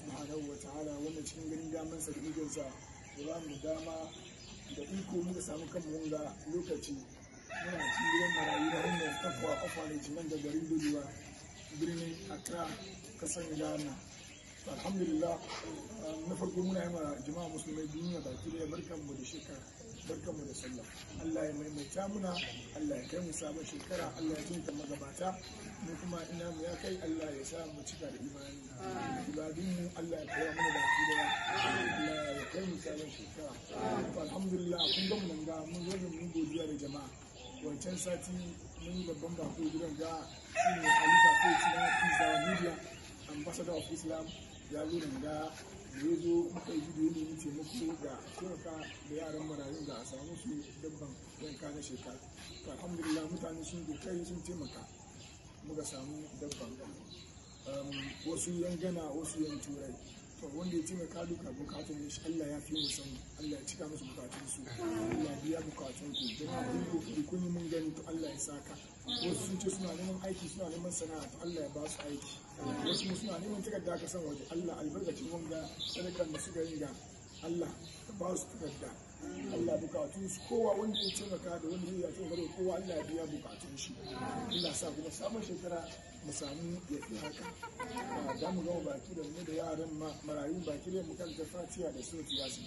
subhanahu wa ta'ala wanda cikin ganin daman sa da ikonsa ba mu dama da iko muka samu kan wanga lokaci muna cikin gidan marayu da kafa takwa ofalage nan da garin dodewa birnin accra kasan ghana alhamdulillah na farko muna yi jama'a musulmai duniya baki da barkan mu da shekara barkan mu da sallah Allah ya maimaita muna Allah ya kai mu sabon shekara Allah ya jinta magabata mu kuma ina mu ya kai Allah ya sa mu cika da imani Allah ya kaya mana da shi da Allah ya kai mu sabon shekara alhamdulillah kun ga mun ga mun zo mun godiya da jama'a wancan sati mun yi babban bako gidan ga shine Alifa Coach na Pizza Media ambassador of Islam ya zo nan ga ya zo muka yi bidiyo ne muke muku ga da yaran marayun da a samu su dabban yanka na shekara alhamdulillah mutane sun kai sun taimaka muka samu dabban Um, wasu yan gana wasu yan turai to wanda ya taimaka duka bukatun shi Allah ya fi musan Allah ya cika musu bukatun su Allah biya bukatun ku don abin da kuke kun mun gani to Allah ya saka wasu sun ce suna neman aiki suna neman sana'a to Allah ya ba su aiki wasu suna neman takarda ka san waje Allah albarkacin wanga sadakar da suka yi ga Allah ya ba su takarda Allah bukatun su kowa wanda ya taimaka da wani ya ce gare kowa Allah ya biya bukatun shi Allah sa kuma samun shekara mu samu ya fi haka da mu gama baki da mu da yaran marayun baki ne mu kan ta fatiya da sura yasin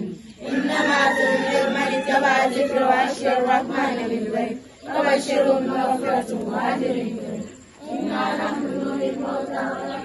Rahman ve Ve beşerun mağfiretun ve ecrin. İnna nahnu nuril mevta